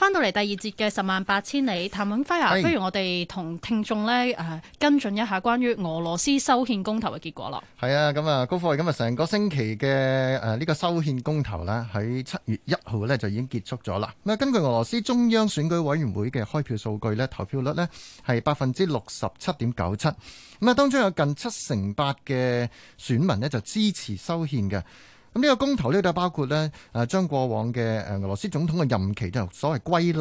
翻到嚟第二節嘅十萬八千里，譚永輝啊，不如我哋同聽眾呢跟進一下關於俄羅斯修憲公投嘅結果喇。係啊，咁啊，高科，咁啊，今日成個星期嘅呢個修憲公投呢喺七月一號呢就已經結束咗啦。咁啊，根據俄羅斯中央選舉委員會嘅開票數據呢，投票率呢係百分之六十七點九七。咁啊，當中有近七成八嘅選民呢就支持修憲嘅。咁、這、呢個公投呢，就包括呢誒將過往嘅誒俄羅斯總統嘅任期就所謂歸零，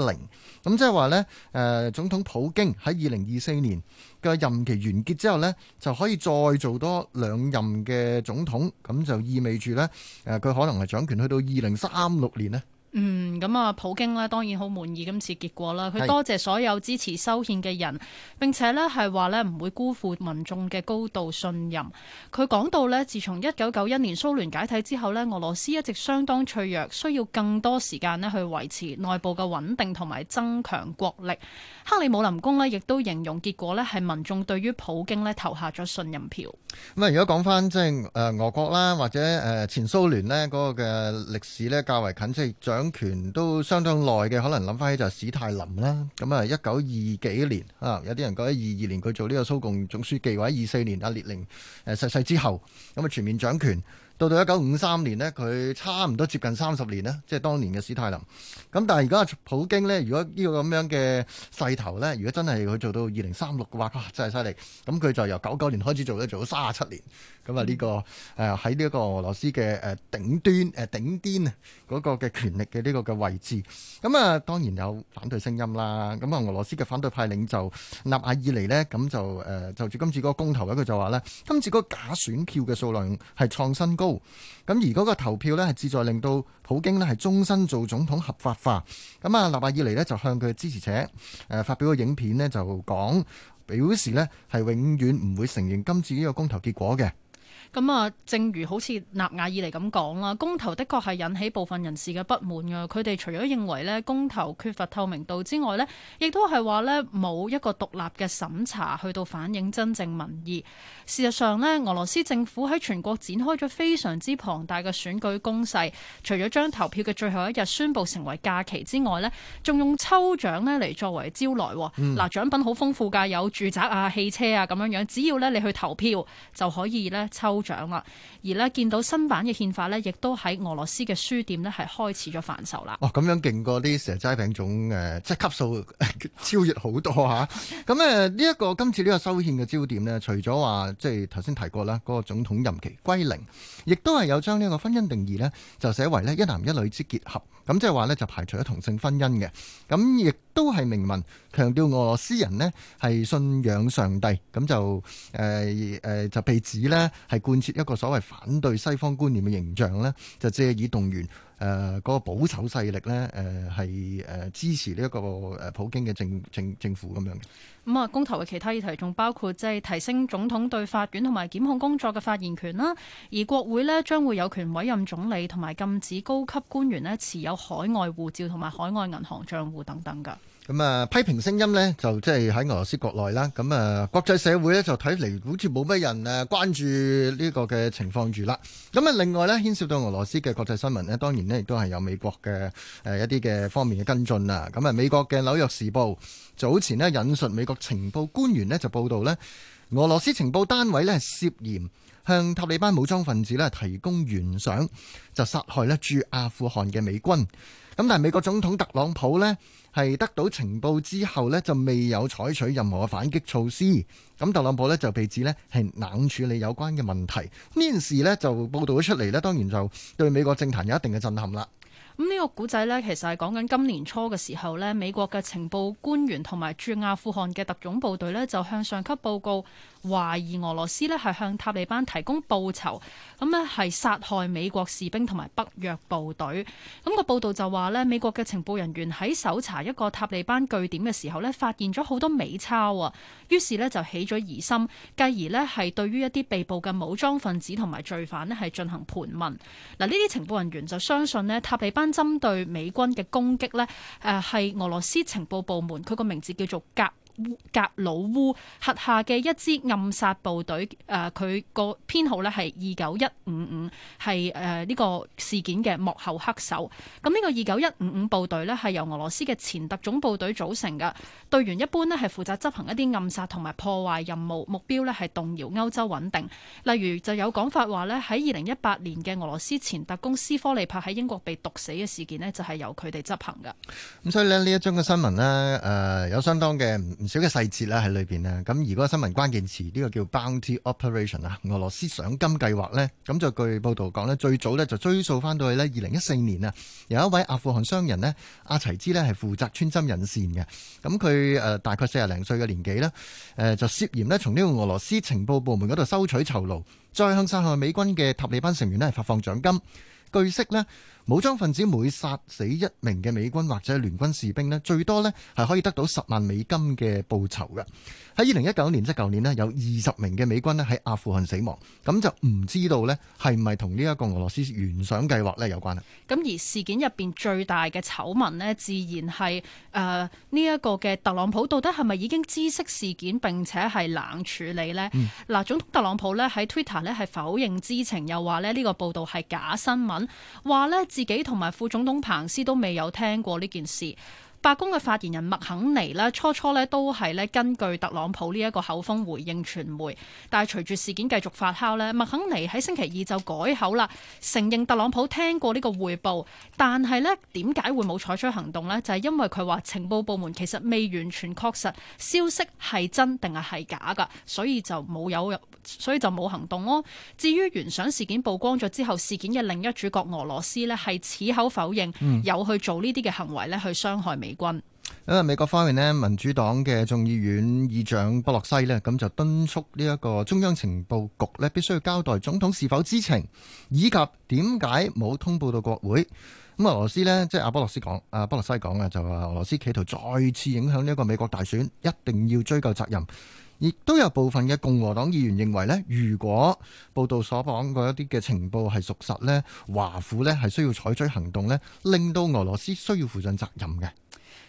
咁即係話呢，誒總統普京喺二零二四年嘅任期完結之後呢，就可以再做多兩任嘅總統，咁就意味住呢，誒佢可能係掌權去到二零三六年呢。嗯。咁啊，普京咧，當然好滿意今次結果啦。佢多謝所有支持修憲嘅人，並且咧，係話咧，唔會辜負民眾嘅高度信任。佢講到咧，自從一九九一年蘇聯解體之後咧，俄羅斯一直相當脆弱，需要更多時間咧去維持內部嘅穩定同埋增強國力。克里姆林宮咧亦都形容結果咧係民眾對於普京咧投下咗信任票。咁啊，如果講翻即係誒俄國啦，或者誒前蘇聯呢嗰個嘅歷史呢較為近，即係掌權都相當耐嘅，可能諗翻起就係史泰林啦。咁啊，一九二幾年啊，有啲人覺得二二年佢做呢個蘇共總書記，或者二四年阿列寧誒逝世，世之後，咁啊全面掌權。到到一九五三年呢，佢差唔多接近三十年呢，即係當年嘅史泰林。咁但係而家普京呢，如果呢個咁樣嘅勢頭呢，如果真係佢做到二零三六嘅話，哇，真係犀利！咁佢就由九九年開始做咧，做到三十七年。咁啊、這個，呢個誒喺呢個俄羅斯嘅誒頂端、誒頂端啊嗰個嘅權力嘅呢個嘅位置。咁啊，當然有反對聲音啦。咁啊，俄羅斯嘅反對派領袖納瓦爾尼呢，咁就誒、呃、就住今次嗰個公投咧，佢就話呢今次嗰個假選票嘅數量係創新高。咁而嗰個投票呢，係志在令到普京呢，係終身做總統合法化，咁啊，納瓦爾尼呢，就向佢支持者誒發表個影片呢，就講，表示呢，係永遠唔會承認今次呢個公投結果嘅。咁啊，正如好似納瓦爾嚟咁講啦，公投的確係引起部分人士嘅不滿嘅。佢哋除咗認為呢公投缺乏透明度之外呢，亦都係話呢冇一個獨立嘅審查去到反映真正民意。事實上呢，俄羅斯政府喺全國展開咗非常之龐大嘅選舉攻勢。除咗將投票嘅最後一日宣布成為假期之外呢，仲用抽獎呢嚟作為招徠。嗱、嗯，獎品好豐富㗎，有住宅啊、汽車啊咁樣樣。只要呢你去投票就可以呢抽。長啦，而呢，見到新版嘅憲法呢，亦都喺俄羅斯嘅書店呢，係開始咗販售啦。哦，咁樣勁過啲蛇齋餅糭誒，即係級數超越好多吓。咁 誒、啊、呢、呃、一、這個今次呢個修憲嘅焦點呢，除咗話即係頭先提過啦，嗰、那個總統任期歸零，亦都係有將呢個婚姻定義呢，就寫為呢「一男一女」之結合，咁即係話呢，就排除咗同性婚姻嘅。咁亦都係明文強調俄羅斯人呢，係信仰上帝，咁就誒誒、呃呃、就被指呢。係。貫徹一個所謂反對西方觀念嘅形象，呢就借以動員誒，嗰個保守勢力呢，誒係，誒支持呢一個誒普京嘅政政政府咁樣。咁啊，公投嘅其他議題仲包括即係提升總統對法院同埋檢控工作嘅發言權啦，而國會呢將會有權委任總理同埋禁止高級官員呢持有海外護照同埋海外銀行帳戶等等㗎。咁啊，批評聲音呢，就即係喺俄羅斯國內啦。咁啊，國際社會呢就睇嚟好似冇咩人誒關注呢個嘅情況住啦。咁啊，另外呢，牽涉到俄羅斯嘅國際新聞呢，當然呢，亦都係有美國嘅誒一啲嘅方面嘅跟進啦。咁啊，美國嘅紐約時報早前呢，引述美國情報官員呢，就報道呢，俄羅斯情報單位呢，係涉嫌，向塔利班武裝分子咧提供懸賞就殺害咧駐阿富汗嘅美軍。咁但係美國總統特朗普咧係得到情報之後咧就未有採取任何反擊措施，咁特朗普咧就被指咧係冷處理有關嘅問題，呢件事咧就報導咗出嚟咧，當然就對美國政壇有一定嘅震撼啦。咁呢個古仔咧其實係講緊今年初嘅時候咧，美國嘅情報官員同埋駐阿富汗嘅特種部隊咧就向上級報告。懷疑俄羅斯呢係向塔利班提供報酬，咁呢係殺害美國士兵同埋北約部隊。咁個報道就話呢，美國嘅情報人員喺搜查一個塔利班據點嘅時候呢，發現咗好多美鈔啊，於是呢就起咗疑心，繼而呢係對於一啲被捕嘅武裝分子同埋罪犯呢係進行盤問。嗱，呢啲情報人員就相信呢，塔利班針對美軍嘅攻擊呢，誒係俄羅斯情報部門，佢個名字叫做格。格魯烏轄下嘅一支暗殺部隊，誒佢個編號呢係二九一五五，係誒呢個事件嘅幕後黑手。咁呢個二九一五五部隊呢係由俄羅斯嘅前特種部隊組成嘅，隊員一般呢係負責執行一啲暗殺同埋破壞任務，目標呢係動搖歐洲穩定。例如就有講法話呢，喺二零一八年嘅俄羅斯前特工斯科利帕喺英國被毒死嘅事件呢，就係由佢哋執行嘅。咁所以呢，呢一宗嘅新聞呢，誒、呃、有相當嘅少嘅細節啦，喺裏邊咧，咁而嗰個新聞關鍵詞呢個叫 bounty operation 啊，俄羅斯賞金計劃呢。咁就據報道講呢，最早呢就追溯翻到去呢二零一四年啊，有一位阿富汗商人呢，阿齊茲呢係負責穿針引線嘅。咁佢誒大概四十零歲嘅年紀呢，誒就涉嫌呢從呢個俄羅斯情報部門嗰度收取酬勞，再向殺害美軍嘅塔利班成員呢係發放獎金。據悉呢。武裝分子每殺死一名嘅美軍或者聯軍士兵呢，最多呢係可以得到十萬美金嘅報酬嘅。喺二零一九年即係舊年呢，有二十名嘅美軍咧喺阿富汗死亡，咁就唔知道咧係咪同呢一個俄羅斯懸賞計劃呢有關啦？咁而事件入面最大嘅醜聞呢，自然係誒呢一個嘅特朗普到底係咪已經知悉事件並且係冷處理呢？嗱、嗯，總統特朗普呢喺 Twitter 呢係否認知情，又話咧呢個報道係假新聞，話咧。自己同埋副總統彭斯都未有聽過呢件事。白宮嘅發言人麥肯尼咧，初初都係根據特朗普呢一個口風回應傳媒，但係隨住事件繼續發酵呢，麥肯尼喺星期二就改口啦，承認特朗普聽過呢個匯報，但係呢點解會冇採取行動呢？就係、是、因為佢話情報部門其實未完全確實消息係真定係係假㗎，所以就冇有，有，所以就冇行動咯。至於懸賞事件曝光咗之後，事件嘅另一主角俄羅斯呢，係矢口否認有去做呢啲嘅行為呢，去傷害美美軍，因為，美國方面咧，民主黨嘅眾議院議長波洛西咧，咁就敦促呢一個中央情報局咧，必須要交代總統是否知情，以及點解冇通報到國會。咁啊，俄羅斯咧，即係阿波洛斯講，阿波洛西講啊，就話俄羅斯企圖再次影響呢個美國大選，一定要追究責任。亦都有部分嘅共和黨議員認為咧，如果報道所講嗰一啲嘅情報係屬實咧，華府咧係需要採取行動咧，令到俄羅斯需要負上責任嘅。咁、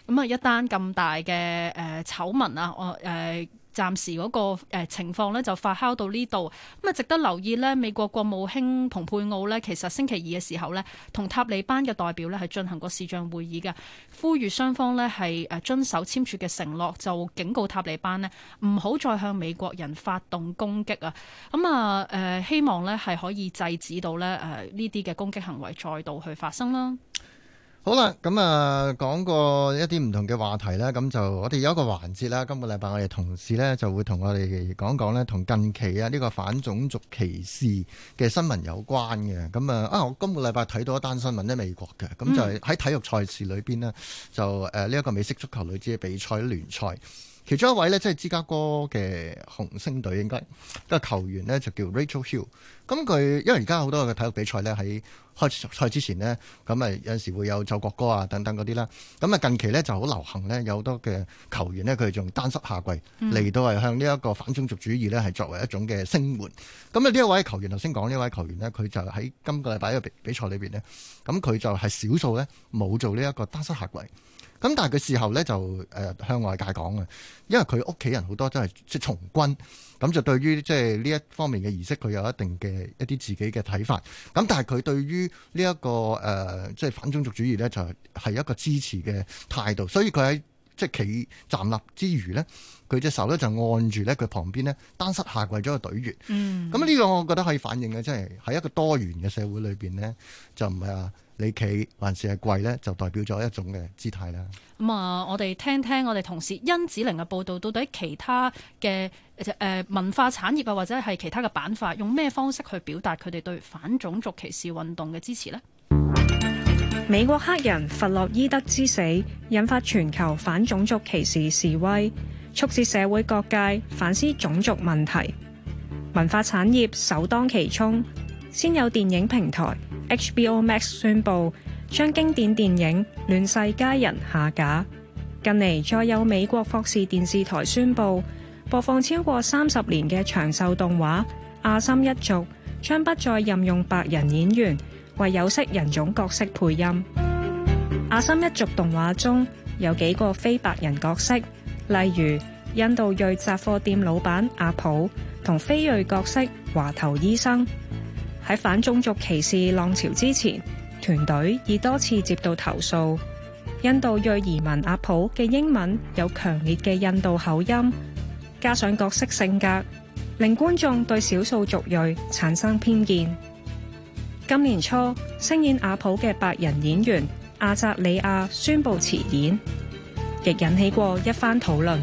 嗯、啊，一單咁大嘅誒、呃、醜聞啊，我誒。呃暫時嗰個情況呢，就發酵到呢度咁啊，值得留意呢，美國國務卿蓬佩奧呢，其實星期二嘅時候呢，同塔利班嘅代表呢，係進行過視像會議嘅，呼籲雙方呢係誒遵守簽署嘅承諾，就警告塔利班呢唔好再向美國人發動攻擊啊！咁啊誒，希望呢係可以制止到呢誒呢啲嘅攻擊行為再度去發生啦。好啦，咁啊，講過一啲唔同嘅話題啦。咁就我哋有一個環節啦。今個禮拜我哋同事咧就會同我哋講講咧，同近期啊呢個反種族歧視嘅新聞有關嘅。咁啊啊，我今個禮拜睇到一單新聞咧，美國嘅，咁就係喺體育賽事裏邊呢，嗯，就誒呢一個美式足球女子比賽聯賽。其中一位呢，即係芝加哥嘅紅星隊應該嘅、個、球員呢，就叫 Rachel Hill。咁佢因為而家好多嘅體育比賽呢，喺開賽之前呢，咁誒有時會有奏國歌啊等等嗰啲啦。咁啊近期呢，就好流行呢，有好多嘅球員呢，佢仲單膝下跪，嚟到係向呢一個反種族主義呢係作為一種嘅聲援。咁啊呢一位球員，頭先講呢位球員呢，佢就喺今個禮拜嘅比比賽裏邊呢，咁佢就係少數呢，冇做呢一個單膝下跪。咁但係佢事後咧就向外界講啊，因為佢屋企人好多都係即係從軍，咁就對於即係呢一方面嘅儀式，佢有一定嘅一啲自己嘅睇法。咁但係佢對於呢一個，呃，即係反種族主義咧，就係一個支持嘅態度。所以佢喺即係企站立之餘呢，佢隻手咧就按住咧佢旁邊呢，單膝下跪咗個隊員。嗯，咁呢個我覺得可以反映嘅，即係喺一個多元嘅社會裏面呢，就唔係啊你企還是係跪呢？就代表咗一種嘅姿態啦。咁、嗯、啊，我哋聽聽我哋同事甄梓鈴嘅報導，到底其他嘅、呃、文化產業啊，或者係其他嘅板塊，用咩方式去表達佢哋對反種族歧視運動嘅支持呢？美國黑人弗洛伊德之死引發全球反種族歧視示威，促使社會各界反思種族問題。文化產業首當其衝，先有電影平台。HBO Max 宣布將經典電影《亂世佳人》下架。近嚟再有美國霍士電視台宣布播放超過三十年嘅長壽動畫《阿森一族》，將不再任用白人演員為有色人種角色配音。《阿森一族》動畫中有幾個非白人角色，例如印度裔雜貨店老闆阿普同非裔角色華頭醫生。喺反種族歧視浪潮之前，團隊已多次接到投訴。印度裔移民阿普嘅英文有強烈嘅印度口音，加上角色性格，令觀眾對少數族裔產生偏見。今年初，聲演阿普嘅白人演員阿扎里亞宣布辭演，亦引起過一番討論。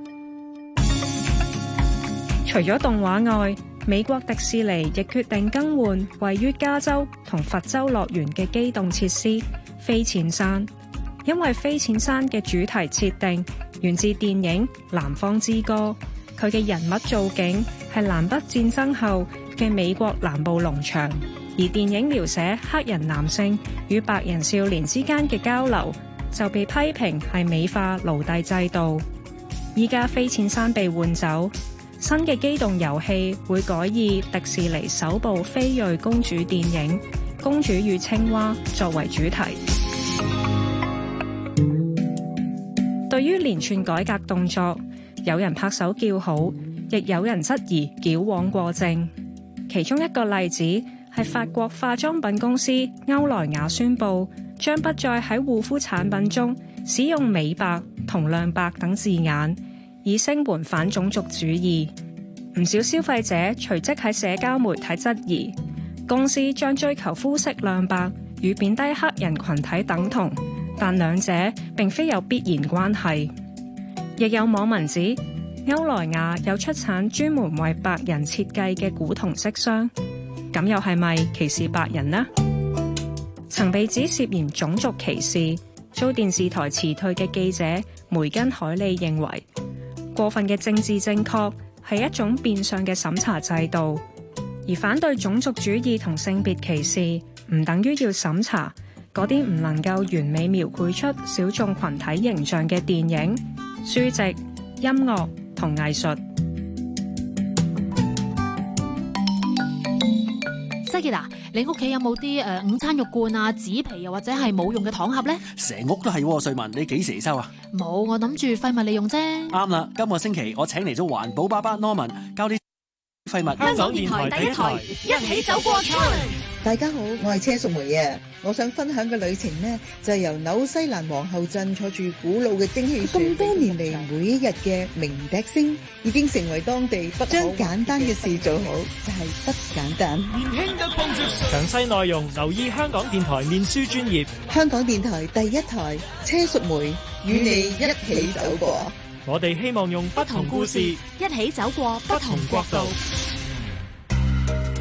除咗動畫外，美國迪士尼亦決定更換位於加州同佛州樂園嘅機動設施飛濺山，因為飛濺山嘅主題設定源自電影《南方之歌》，佢嘅人物造景係南北戰爭後嘅美國南部農場，而電影描寫黑人男性與白人少年之間嘅交流，就被批評係美化奴隸制度現在。依家飛濺山被換走。新嘅機動遊戲會改以迪士尼首部非裔公主電影《公主與青蛙》作為主題。對於連串改革動作，有人拍手叫好，亦有人質疑矯枉過正。其中一個例子係法國化妝品公司歐萊雅宣布，將不再喺護膚產品中使用美白同亮白等字眼。以聲援反種族主義，唔少消費者隨即喺社交媒體質疑，公司將追求膚色亮白與貶低黑人群體等同，但兩者並非有必然關係。亦有網民指，歐萊雅有出產專門為白人設計嘅古銅色霜，咁又係咪歧視白人呢？曾被指涉嫌種族歧視，遭電視台辭退嘅記者梅根海利認為，過分嘅政治正確係一種變相嘅審查制度，而反對種族主義同性別歧視唔等於要審查嗰啲唔能夠完美描繪出小眾群體形象嘅電影、書籍、音樂同藝術。姐姐你屋企有冇啲誒午餐肉罐啊、紙皮又或者係冇用嘅糖盒咧？成屋都係，歲文你幾時收啊？冇，我諗住廢物利用啫。啱啦，今個星期我請嚟咗環保爸爸 Norman 教啲。香港電台第一台，一起走過。大家好，我係車淑梅啊！我想分享嘅旅程呢，就係由紐西蘭皇后鎮坐住古老嘅蒸汽船。咁多年嚟，每一日嘅鳴笛聲，已經成為當地不將簡單嘅事做好，就係不簡單。詳細內容留意香港電台面書專頁。香港電台第一台，車淑梅與你一起走過。我哋希望用不同故事，一起走過不同國度。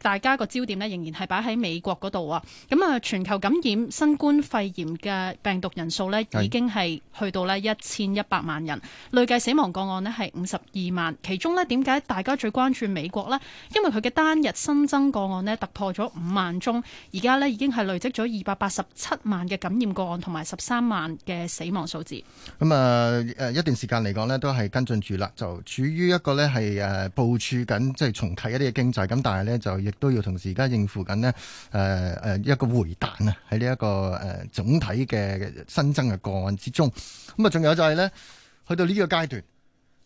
大家個焦點呢仍然係擺喺美國嗰度啊！咁啊，全球感染新冠肺炎嘅病毒人數呢已經係去到呢一千一百萬人，累計死亡個案呢係五十二萬。其中呢，點解大家最關注美國呢？因為佢嘅單日新增個案呢突破咗五萬宗，而家呢已經係累積咗二百八十七萬嘅感染個案，同埋十三萬嘅死亡數字。咁啊，誒、呃，一段時間嚟講呢，都係跟進住啦，就處於一個呢係誒部署緊，即係重啟一啲嘅經濟。咁但係呢，就。亦都要同時而家應付緊誒誒一個回彈啊，喺呢一個誒、呃、總體嘅新增嘅個案之中，咁啊，仲有就係呢，去到呢個階段，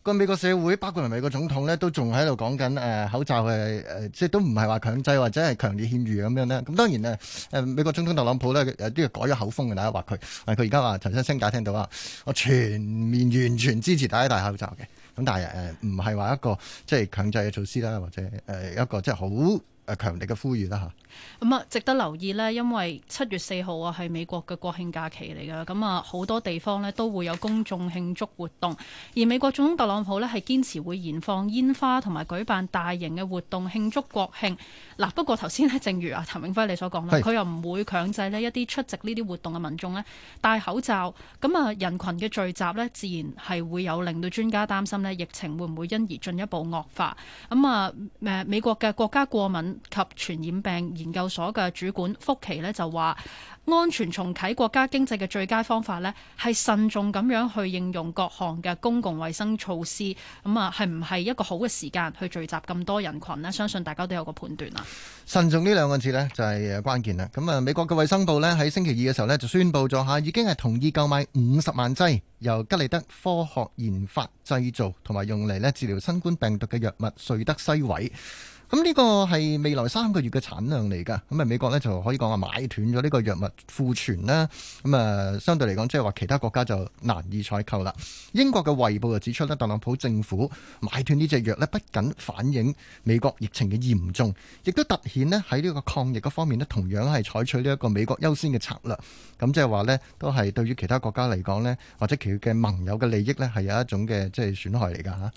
個美國社會包括埋美國總統呢，都仲喺度講緊誒口罩嘅誒、呃，即係都唔係話強制或者係強烈勸喻咁樣咧。咁當然誒、呃、美國總統特朗普呢，都、呃、要改咗口風嘅，大家話佢，佢而家話陳新聲解聽到啊，我全面完全支持大家戴口罩嘅，咁但係誒唔係話一個即係強制嘅措施啦，或者誒一個即係好，誒強力嘅呼籲啦嚇！咁啊，值得留意呢，因為七月四號啊，係美國嘅國慶假期嚟㗎，咁啊好多地方呢都會有公眾慶祝活動，而美國總統特朗普呢，係堅持會燃放煙花同埋舉辦大型嘅活動慶祝國慶。嗱，不過頭先呢，正如啊譚永輝你所講啦，佢又唔會強制呢一啲出席呢啲活動嘅民眾呢戴口罩，咁啊人群嘅聚集呢，自然係會有令到專家擔心呢疫情會唔會因而進一步惡化。咁啊誒美國嘅國家過敏及傳染病研究所嘅主管福奇呢就話，安全重啟國家經濟嘅最佳方法呢，係慎重咁樣去應用各項嘅公共衛生措施。咁啊，係唔係一個好嘅時間去聚集咁多人群呢？相信大家都有個判斷啊。慎重呢兩個字呢，就係關鍵啦。咁啊，美國嘅衛生部呢，喺星期二嘅時候呢，就宣布咗，吓已經係同意購買五十萬劑由吉利德科學研發製造同埋用嚟呢治療新冠病毒嘅藥物瑞德西韋。咁呢個係未來三個月嘅產量嚟噶，咁啊美國呢就可以講話買斷咗呢個藥物庫存啦，咁啊相對嚟講，即係話其他國家就難以採購啦。英國嘅衛報就指出呢，特朗普政府買斷呢隻藥呢，不僅反映美國疫情嘅嚴重，亦都突顯呢喺呢個抗疫嗰方面呢，同樣係採取呢一個美國優先嘅策略。咁即係話呢，都係對於其他國家嚟講呢，或者其嘅盟友嘅利益呢，係有一種嘅即係損害嚟㗎嚇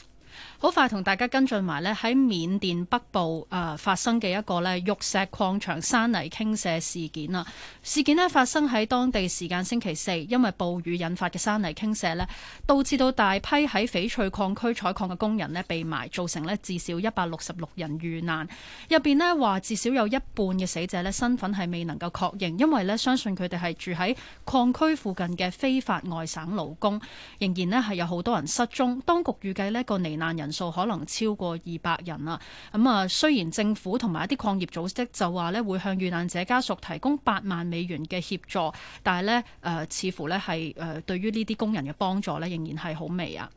好快同大家跟進埋咧，喺緬甸北部啊、呃、發生嘅一個玉石礦場山泥傾瀉事件。事件咧發生喺當地時間星期四，因為暴雨引發嘅山泥傾瀉咧，導致到大批喺翡翠礦區採礦嘅工人被埋，造成至少一百六十六人遇難。入邊咧話至少有一半嘅死者身份係未能夠確認，因為相信佢哋係住喺礦區附近嘅非法外省勞工。仍然係有好多人失蹤，當局預計呢個尼人數可能超過二百人啦。咁啊，雖然政府同埋一啲礦業組織就話咧會向遇難者家屬提供八萬美元嘅協助，但係呢，誒，似乎呢係誒，對於呢啲工人嘅幫助呢，仍然係好微啊。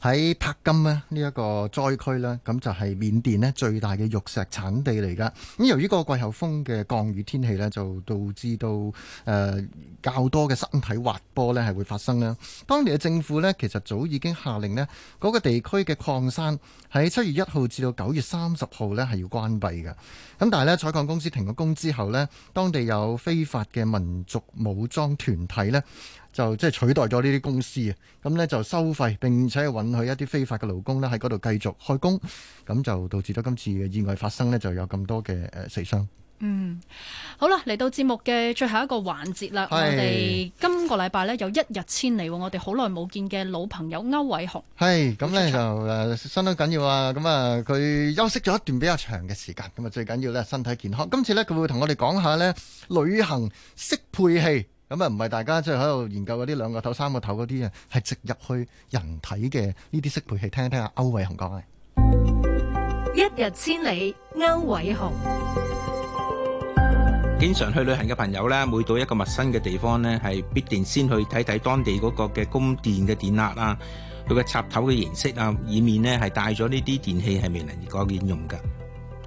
喺柏金呢呢一個災區呢，咁就係緬甸呢最大嘅玉石產地嚟噶。咁由於個季候風嘅降雨天氣呢，就導致到誒、呃、較多嘅山體滑坡呢係會發生啦。當地嘅政府呢，其實早已經下令呢，嗰、那個地區嘅礦山喺七月一號至到九月三十號呢係要關閉嘅。咁但係呢，採礦公司停咗工之後呢，當地有非法嘅民族武裝團體呢。就即係取代咗呢啲公司啊，咁咧就收費，並且允許一啲非法嘅勞工咧喺嗰度繼續開工，咁就導致咗今次嘅意外發生呢，就有咁多嘅誒死傷。嗯，好啦，嚟到節目嘅最後一個環節啦，我哋今個禮拜呢，有一日千里，我哋好耐冇見嘅老朋友區煒洪。係，咁呢，就誒相當緊要啊，咁啊佢休息咗一段比較長嘅時間，咁啊最緊要呢，身體健康。今次呢，佢會同我哋講下呢，旅行適配器。咁啊，唔係大家即係喺度研究嗰啲兩個頭、三個頭嗰啲啊，係直入去人體嘅呢啲適配器，聽一聽啊區煒洪講嘅。一日千里，區煒洪。經常去旅行嘅朋友呢，每到一個陌生嘅地方呢，係必定先去睇睇當地嗰個嘅供電嘅電壓啊，佢嘅插頭嘅形式啊，以免呢係帶咗呢啲電器係未能過電用㗎。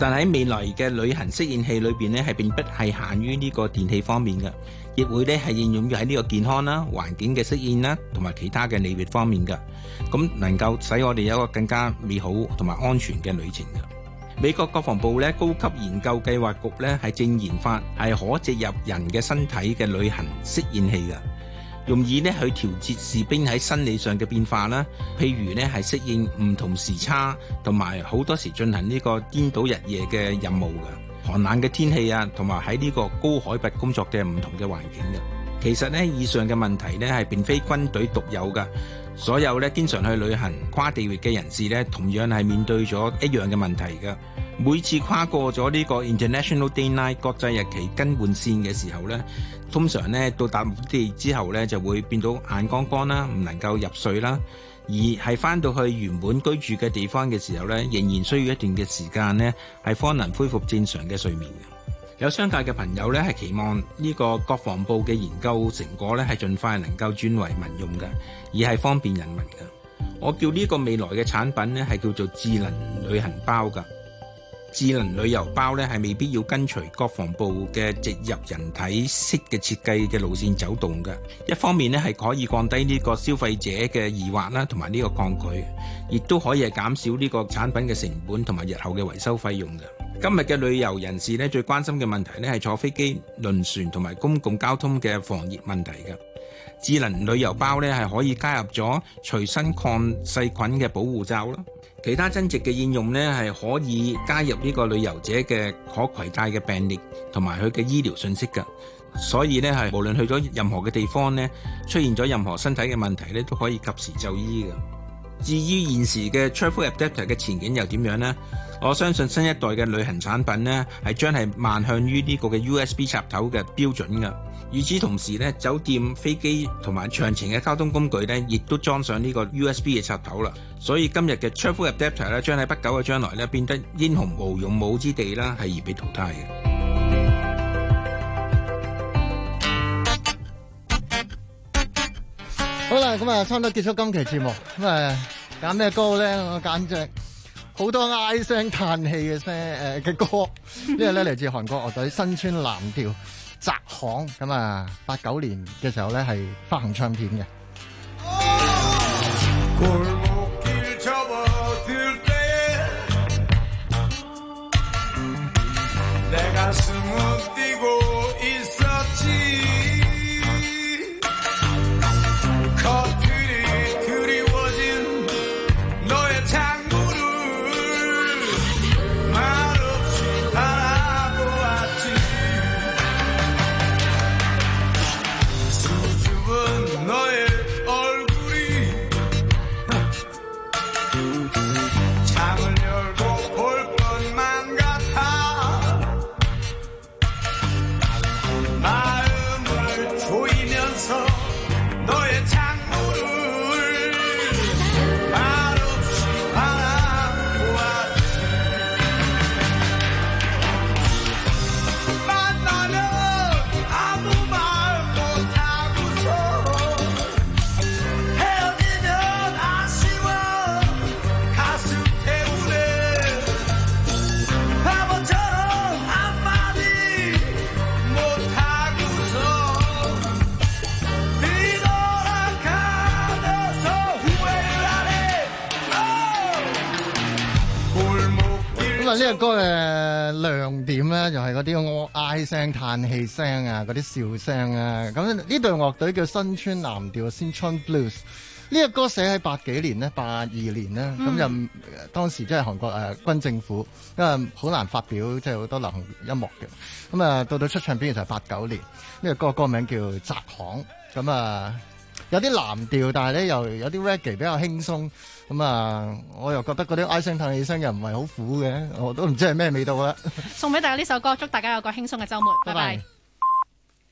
但喺未來嘅旅行適應器裏邊咧，係並不係限於呢個電器方面嘅，亦會咧係應用於喺呢個健康啦、環境嘅適應啦，同埋其他嘅領域方面嘅，咁能夠使我哋有一個更加美好同埋安全嘅旅程嘅。美國國防部咧高級研究計劃局咧係正研發係可植入人嘅身體嘅旅行適應器嘅。用以咧去調節士兵喺生理上嘅變化啦，譬如咧係適應唔同時差，同埋好多時進行呢個顛倒日夜嘅任務嘅寒冷嘅天氣啊，同埋喺呢個高海拔工作嘅唔同嘅環境嘅。其實咧以上嘅問題咧係並非軍隊獨有㗎，所有咧經常去旅行跨地域嘅人士咧，同樣係面對咗一樣嘅問題嘅。每次跨過咗呢個 International Date Line 國際日期更換線嘅時候呢，通常呢到達目的地之後呢，就會變到眼光光啦，唔能夠入睡啦。而係翻到去原本居住嘅地方嘅時候呢，仍然需要一段嘅時間呢，係方能恢復正常嘅睡眠嘅。有商界嘅朋友呢，係期望呢個國防部嘅研究成果呢，係盡快能夠轉為民用嘅，而係方便人民嘅。我叫呢個未來嘅產品呢，係叫做智能旅行包㗎。智能旅遊包咧係未必要跟隨國防部嘅植入人體式嘅設計嘅路線走動嘅，一方面呢係可以降低呢個消費者嘅疑惑啦，同埋呢個抗拒，亦都可以係減少呢個產品嘅成本同埋日後嘅維修費用嘅。今日嘅旅遊人士呢，最關心嘅問題呢係坐飛機、輪船同埋公共交通嘅防疫問題嘅，智能旅遊包呢係可以加入咗隨身抗細菌嘅保護罩咯。其他增值嘅應用咧，係可以加入呢個旅遊者嘅可攜帶嘅病歷同埋佢嘅醫療信息㗎，所以咧係無論去咗任何嘅地方咧，出現咗任何身體嘅問題咧，都可以及時就醫嘅。至於現時嘅 Travel Adapter 嘅前景又點樣呢？我相信新一代嘅旅行產品呢，係將係萬向於呢個嘅 USB 插頭嘅標準嘅。與此同時咧，酒店、飛機同埋長程嘅交通工具呢，亦都裝上呢個 USB 嘅插頭啦。所以今日嘅 Travel Adapter 咧，將喺不久嘅將來呢，變得英雄無用武之地啦，係而被淘汰嘅。好啦，咁啊，差唔多結束今期節目。咁啊，揀咩歌呢？我揀隻。好多唉聲嘆氣嘅嘅歌，呢個咧嚟自韓國樂隊，新村藍調雜巷。咁啊，八九年嘅時候咧係發行唱片嘅。Oh! 呢、啊這個歌嘅亮點咧，就係嗰啲我唉聲嘆氣聲啊，嗰啲笑聲啊。咁呢隊樂隊叫新村藍調先春 Blues）。呢個歌寫喺八幾年呢，八二年呢。咁、嗯、又當時即係韓國誒、呃、軍政府，因為好難發表，即係好多流行音樂嘅。咁、嗯、啊，到到出唱片就係八九年。呢、這個歌歌名叫《雜行》嗯。咁、呃、啊，有啲藍調，但係咧又有啲 reggae 比較輕鬆。咁、嗯、啊，我又覺得嗰啲哀聲嘆氣聲又唔係好苦嘅，我都唔知係咩味道啦。送俾大家呢首歌，祝大家有個輕鬆嘅週末，拜拜。拜拜。